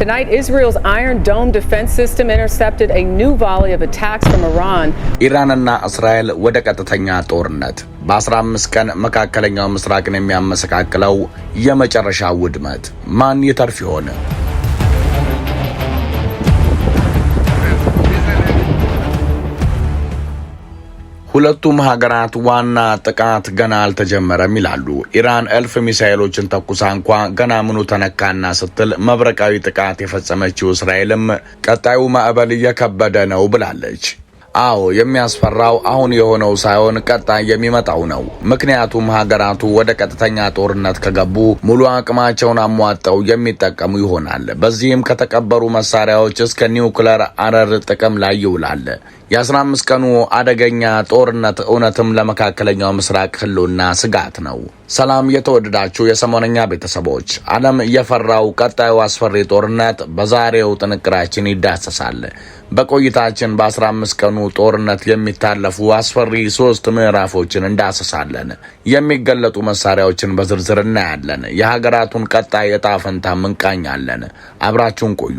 Tonight, Israel's Iron Dome defense system intercepted a new volley of attacks from Iran. ቀጥተኛ ቀን መካከለኛው ምስራቅን የሚያመሰቃቅለው የመጨረሻ ውድመት ማን ይተርፍ ይሆን? ሁለቱም ሀገራት ዋና ጥቃት ገና አልተጀመረም ይላሉ። ኢራን እልፍ ሚሳኤሎችን ተኩሳ እንኳ ገና ምኑ ተነካና ስትል መብረቃዊ ጥቃት የፈጸመችው እስራኤልም ቀጣዩ ማዕበል እየከበደ ነው ብላለች። አዎ የሚያስፈራው አሁን የሆነው ሳይሆን ቀጣይ የሚመጣው ነው። ምክንያቱም ሀገራቱ ወደ ቀጥተኛ ጦርነት ከገቡ ሙሉ አቅማቸውን አሟጠው የሚጠቀሙ ይሆናል። በዚህም ከተቀበሩ መሳሪያዎች እስከ ኒውክለር አረር ጥቅም ላይ ይውላል። የ15 ቀኑ አደገኛ ጦርነት እውነትም ለመካከለኛው ምስራቅ ህልውና ስጋት ነው። ሰላም የተወደዳችሁ የሰሞነኛ ቤተሰቦች፣ ዓለም የፈራው ቀጣዩ አስፈሪ ጦርነት በዛሬው ጥንቅራችን ይዳሰሳል። በቆይታችን በ15 ቀኑ ጦርነት የሚታለፉ አስፈሪ ሶስት ምዕራፎችን እንዳሰሳለን የሚገለጡ መሳሪያዎችን በዝርዝር እናያለን። የሀገራቱን ቀጣይ ዕጣ ፈንታም እንቃኛለን። አብራችሁን ቆዩ።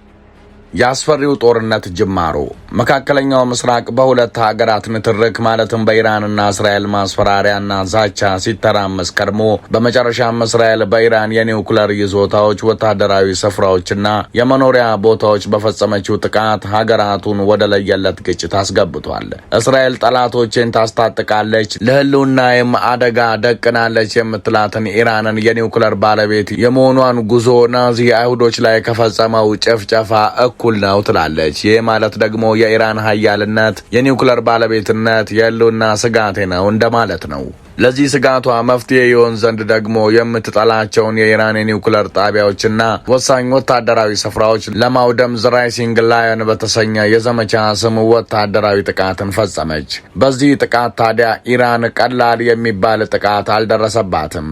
የአስፈሪው ጦርነት ጅማሮ መካከለኛው ምስራቅ በሁለት ሀገራት ንትርክ ማለትም በኢራንና እስራኤል ማስፈራሪያና ዛቻ ሲተራመስ ቀድሞ በመጨረሻም እስራኤል በኢራን የኒውክለር ይዞታዎች፣ ወታደራዊ ስፍራዎችና የመኖሪያ ቦታዎች በፈጸመችው ጥቃት ሀገራቱን ወደ ለየለት ግጭት አስገብቷል። እስራኤል ጠላቶችን ታስታጥቃለች፣ ለህልውናዬም አደጋ ደቅናለች የምትላትን ኢራንን የኒውክለር ባለቤት የመሆኗን ጉዞ ናዚ አይሁዶች ላይ ከፈጸመው ጭፍጨፋ እኩል ነው ትላለች። ይህ ማለት ደግሞ የኢራን ሀያልነት፣ የኒውክለር ባለቤትነት የህልውና ስጋቴ ነው እንደማለት ነው። ለዚህ ስጋቷ መፍትሄ ይሆን ዘንድ ደግሞ የምትጠላቸውን የኢራን የኒውክለር ጣቢያዎችና ወሳኝ ወታደራዊ ስፍራዎች ለማውደም ዘ ራይሲንግ ላየን በተሰኘ የዘመቻ ስም ወታደራዊ ጥቃትን ፈጸመች። በዚህ ጥቃት ታዲያ ኢራን ቀላል የሚባል ጥቃት አልደረሰባትም።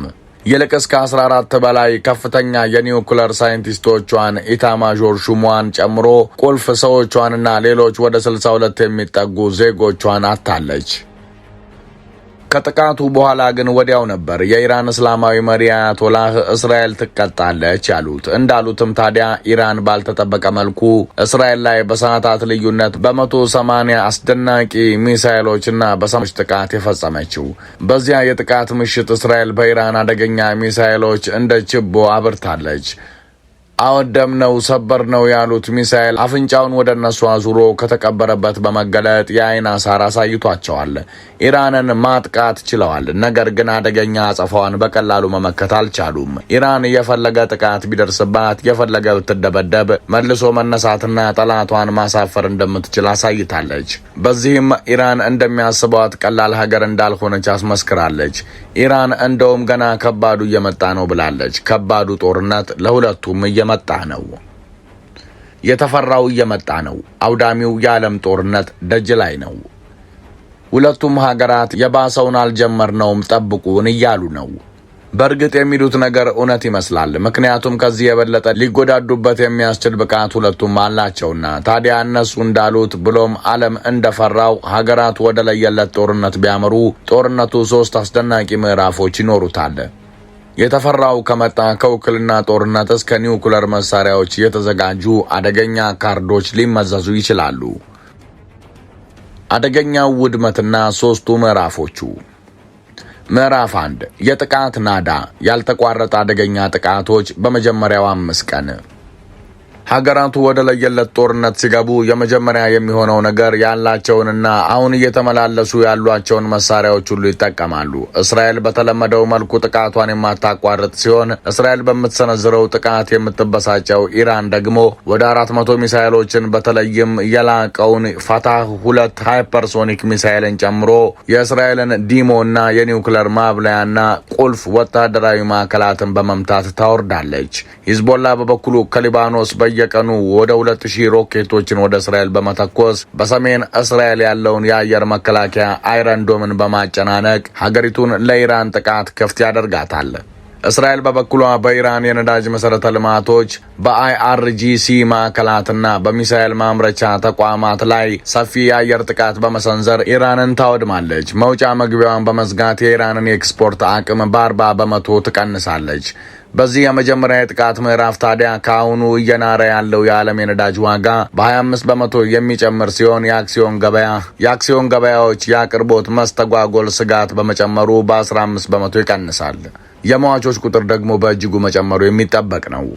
ይልቅስ ከ14 በላይ ከፍተኛ የኒውክለር ሳይንቲስቶቿን ኢታማዦር ሹሟን ጨምሮ ቁልፍ ሰዎቿንና ሌሎች ወደ 62 የሚጠጉ ዜጎቿን አታለች። ከጥቃቱ በኋላ ግን ወዲያው ነበር የኢራን እስላማዊ መሪ አያቶላህ እስራኤል ትቀጣለች ያሉት። እንዳሉትም ታዲያ ኢራን ባልተጠበቀ መልኩ እስራኤል ላይ በሰዓታት ልዩነት በመቶ ሰማኒያ አስደናቂ ሚሳይሎችና በሰሞች ጥቃት የፈጸመችው። በዚያ የጥቃት ምሽት እስራኤል በኢራን አደገኛ ሚሳይሎች እንደ ችቦ አብርታለች። አወደምነው፣ ሰበር ነው ያሉት ሚሳኤል አፍንጫውን ወደ እነሱ አዙሮ ከተቀበረበት በመገለጥ የአይን አሳር አሳይቷቸዋል። ኢራንን ማጥቃት ችለዋል። ነገር ግን አደገኛ አጸፋዋን በቀላሉ መመከት አልቻሉም። ኢራን የፈለገ ጥቃት ቢደርስባት፣ የፈለገ ብትደበደብ መልሶ መነሳትና ጠላቷን ማሳፈር እንደምትችል አሳይታለች። በዚህም ኢራን እንደሚያስቧት ቀላል ሀገር እንዳልሆነች አስመስክራለች። ኢራን እንደውም ገና ከባዱ እየመጣ ነው ብላለች። ከባዱ ጦርነት ለሁለቱም እየ እየመጣ ነው። የተፈራው እየመጣ ነው። አውዳሚው የዓለም ጦርነት ደጅ ላይ ነው። ሁለቱም ሀገራት የባሰውን አልጀመርነውም ጠብቁን እያሉ ነው። በእርግጥ የሚሉት ነገር እውነት ይመስላል። ምክንያቱም ከዚህ የበለጠ ሊጎዳዱበት የሚያስችል ብቃት ሁለቱም አላቸውና፣ ታዲያ እነሱ እንዳሉት ብሎም ዓለም እንደፈራው ሀገራት ወደ ለየለት ጦርነት ቢያመሩ ጦርነቱ ሶስት አስደናቂ ምዕራፎች ይኖሩታል። የተፈራው ከመጣ ከውክልና ጦርነት እስከ ኒውክለር መሳሪያዎች የተዘጋጁ አደገኛ ካርዶች ሊመዘዙ ይችላሉ። አደገኛው ውድመትና ሦስቱ ምዕራፎቹ። ምዕራፍ አንድ የጥቃት ናዳ፣ ያልተቋረጠ አደገኛ ጥቃቶች በመጀመሪያው አምስት ቀን ሀገራቱ ወደ ለየለት ጦርነት ሲገቡ የመጀመሪያ የሚሆነው ነገር ያላቸውንና አሁን እየተመላለሱ ያሏቸውን መሳሪያዎች ሁሉ ይጠቀማሉ። እስራኤል በተለመደው መልኩ ጥቃቷን የማታቋርጥ ሲሆን እስራኤል በምትሰነዝረው ጥቃት የምትበሳጨው ኢራን ደግሞ ወደ አራት መቶ ሚሳይሎችን በተለይም የላቀውን ፋታህ ሁለት ሃይፐርሶኒክ ሚሳይልን ጨምሮ የእስራኤልን ዲሞ እና የኒውክለር ማብለያና ቁልፍ ወታደራዊ ማዕከላትን በመምታት ታወርዳለች። ሂዝቦላ በበኩሉ ከሊባኖስ በየ በየቀኑ ወደ 200 ሮኬቶችን ወደ እስራኤል በመተኮስ በሰሜን እስራኤል ያለውን የአየር መከላከያ አይረንዶምን በማጨናነቅ ሀገሪቱን ለኢራን ጥቃት ክፍት ያደርጋታል። እስራኤል በበኩሏ በኢራን የነዳጅ መሠረተ ልማቶች በአይአርጂሲ ማዕከላትና በሚሳኤል ማምረቻ ተቋማት ላይ ሰፊ የአየር ጥቃት በመሰንዘር ኢራንን ታወድማለች። መውጫ መግቢያዋን በመዝጋት የኢራንን የኤክስፖርት አቅም በአርባ በመቶ ትቀንሳለች። በዚህ የመጀመሪያ የጥቃት ምዕራፍ ታዲያ ከአሁኑ እየናረ ያለው የዓለም የነዳጅ ዋጋ በ25 በመቶ የሚጨምር ሲሆን የአክሲዮን ገበያ የአክሲዮን ገበያዎች የአቅርቦት መስተጓጎል ስጋት በመጨመሩ በ15 በመቶ ይቀንሳል። የሟቾች ቁጥር ደግሞ በእጅጉ መጨመሩ የሚጠበቅ ነው።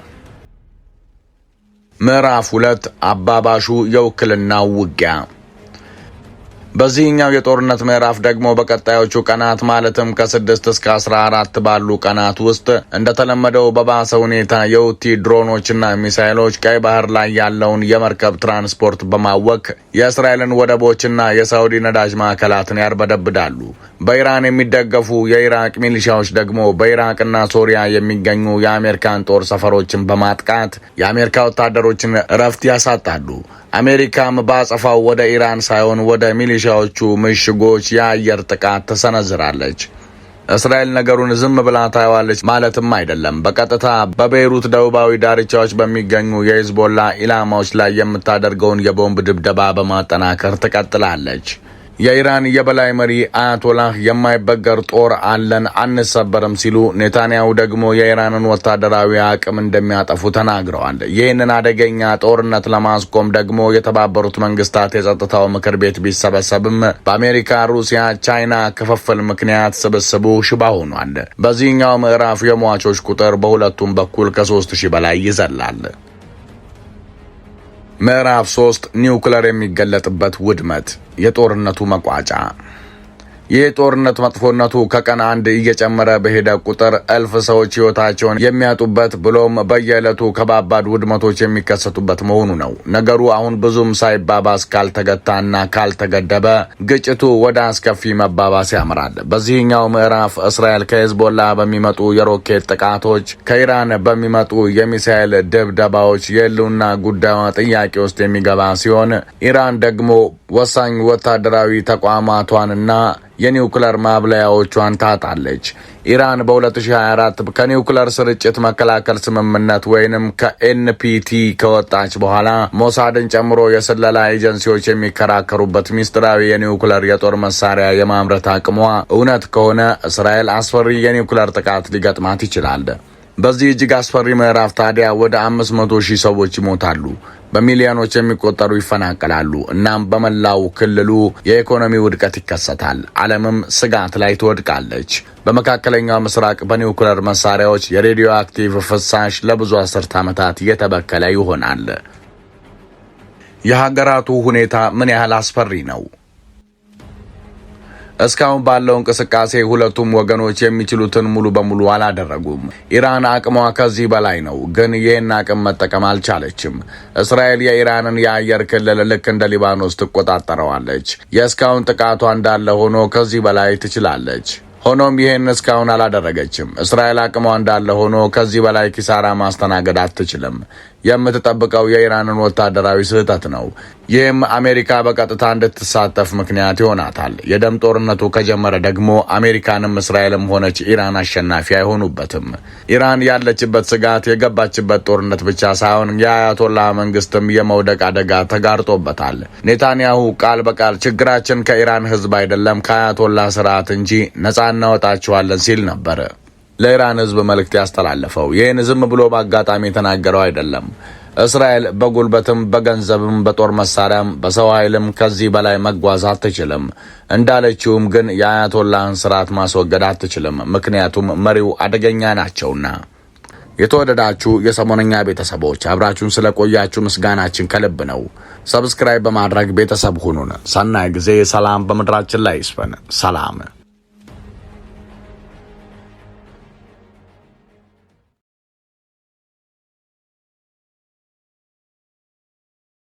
ምዕራፍ ሁለት አባባሹ የውክልናው ውጊያ በዚህኛው የጦርነት ምዕራፍ ደግሞ በቀጣዮቹ ቀናት ማለትም ከስድስት እስከ አስራ አራት ባሉ ቀናት ውስጥ እንደተለመደው በባሰ ሁኔታ የውቲ ድሮኖችና ሚሳይሎች ቀይ ባህር ላይ ያለውን የመርከብ ትራንስፖርት በማወክ የእስራኤልን ወደቦችና የሳውዲ ነዳጅ ማዕከላትን ያርበደብዳሉ። በኢራን የሚደገፉ የኢራቅ ሚሊሻዎች ደግሞ በኢራቅና ሶሪያ የሚገኙ የአሜሪካን ጦር ሰፈሮችን በማጥቃት የአሜሪካ ወታደሮችን እረፍት ያሳጣሉ። አሜሪካም በአጸፋው ወደ ኢራን ሳይሆን ወደ ሚሊ ሚሊሻዎቹ ምሽጎች የአየር ጥቃት ትሰነዝራለች። እስራኤል ነገሩን ዝም ብላ ታየዋለች ማለትም አይደለም። በቀጥታ በቤይሩት ደቡባዊ ዳርቻዎች በሚገኙ የሂዝቦላ ኢላማዎች ላይ የምታደርገውን የቦምብ ድብደባ በማጠናከር ትቀጥላለች። የኢራን የበላይ መሪ አያቶላህ የማይበገር ጦር አለን አንሰበርም ሲሉ፣ ኔታንያሁ ደግሞ የኢራንን ወታደራዊ አቅም እንደሚያጠፉ ተናግረዋል። ይህንን አደገኛ ጦርነት ለማስቆም ደግሞ የተባበሩት መንግስታት የጸጥታው ምክር ቤት ቢሰበሰብም በአሜሪካ፣ ሩሲያ፣ ቻይና ክፍፍል ምክንያት ስብስቡ ሽባ ሆኗል። በዚህኛው ምዕራፍ የሟቾች ቁጥር በሁለቱም በኩል ከሶስት ሺህ በላይ ይዘላል። ምዕራፍ 3 ኒውክለር የሚገለጥበት ውድመት የጦርነቱ መቋጫ ይህ ጦርነት መጥፎነቱ ከቀን አንድ እየጨመረ በሄደ ቁጥር እልፍ ሰዎች ሕይወታቸውን የሚያጡበት ብሎም በየዕለቱ ከባባድ ውድመቶች የሚከሰቱበት መሆኑ ነው። ነገሩ አሁን ብዙም ሳይባባስ ካልተገታና ካልተገደበ ግጭቱ ወደ አስከፊ መባባስ ያምራል። በዚህኛው ምዕራፍ እስራኤል ከሄዝቦላ በሚመጡ የሮኬት ጥቃቶች፣ ከኢራን በሚመጡ የሚሳኤል ድብደባዎች የህልውና ጉዳዩ ጥያቄ ውስጥ የሚገባ ሲሆን ኢራን ደግሞ ወሳኝ ወታደራዊ ተቋማቷንና የኒውክለር ማብለያዎቿን ታጣለች። ኢራን በ2024 ከኒውክለር ስርጭት መከላከል ስምምነት ወይንም ከኤንፒቲ ከወጣች በኋላ ሞሳድን ጨምሮ የስለላ ኤጀንሲዎች የሚከራከሩበት ሚስጥራዊ የኒውክለር የጦር መሳሪያ የማምረት አቅሟ እውነት ከሆነ እስራኤል አስፈሪ የኒውክለር ጥቃት ሊገጥማት ይችላል። በዚህ እጅግ አስፈሪ ምዕራፍ ታዲያ ወደ አምስት መቶ ሺህ ሰዎች ይሞታሉ፣ በሚሊዮኖች የሚቆጠሩ ይፈናቀላሉ። እናም በመላው ክልሉ የኢኮኖሚ ውድቀት ይከሰታል። ዓለምም ስጋት ላይ ትወድቃለች። በመካከለኛው ምስራቅ በኒውክለር መሳሪያዎች የሬዲዮ አክቲቭ ፍሳሽ ለብዙ አስርት ዓመታት እየተበከለ ይሆናል። የሀገራቱ ሁኔታ ምን ያህል አስፈሪ ነው? እስካሁን ባለው እንቅስቃሴ ሁለቱም ወገኖች የሚችሉትን ሙሉ በሙሉ አላደረጉም። ኢራን አቅሟ ከዚህ በላይ ነው፣ ግን ይህን አቅም መጠቀም አልቻለችም። እስራኤል የኢራንን የአየር ክልል ልክ እንደ ሊባኖስ ትቆጣጠረዋለች። የእስካሁን ጥቃቷ እንዳለ ሆኖ ከዚህ በላይ ትችላለች። ሆኖም ይህን እስካሁን አላደረገችም። እስራኤል አቅሟ እንዳለ ሆኖ ከዚህ በላይ ኪሳራ ማስተናገድ አትችልም። የምትጠብቀው የኢራንን ወታደራዊ ስህተት ነው። ይህም አሜሪካ በቀጥታ እንድትሳተፍ ምክንያት ይሆናታል። የደም ጦርነቱ ከጀመረ ደግሞ አሜሪካንም እስራኤልም ሆነች ኢራን አሸናፊ አይሆኑበትም። ኢራን ያለችበት ስጋት የገባችበት ጦርነት ብቻ ሳይሆን የአያቶላ መንግስትም የመውደቅ አደጋ ተጋርጦበታል። ኔታንያሁ ቃል በቃል ችግራችን ከኢራን ህዝብ አይደለም ከአያቶላ ስርዓት እንጂ ነጻ እናወጣችኋለን ሲል ነበር። ለኢራን ህዝብ መልእክት ያስተላለፈው። ይህን ዝም ብሎ በአጋጣሚ የተናገረው አይደለም። እስራኤል በጉልበትም በገንዘብም በጦር መሳሪያም በሰው ኃይልም ከዚህ በላይ መጓዝ አትችልም። እንዳለችውም ግን የአያቶላህን ስርዓት ማስወገድ አትችልም፣ ምክንያቱም መሪው አደገኛ ናቸውና። የተወደዳችሁ የሰሞነኛ ቤተሰቦች አብራችሁን ስለቆያችሁ ምስጋናችን ከልብ ነው። ሰብስክራይብ በማድረግ ቤተሰብ ሁኑን። ሰናይ ጊዜ። ሰላም በምድራችን ላይ ይስፈን። ሰላም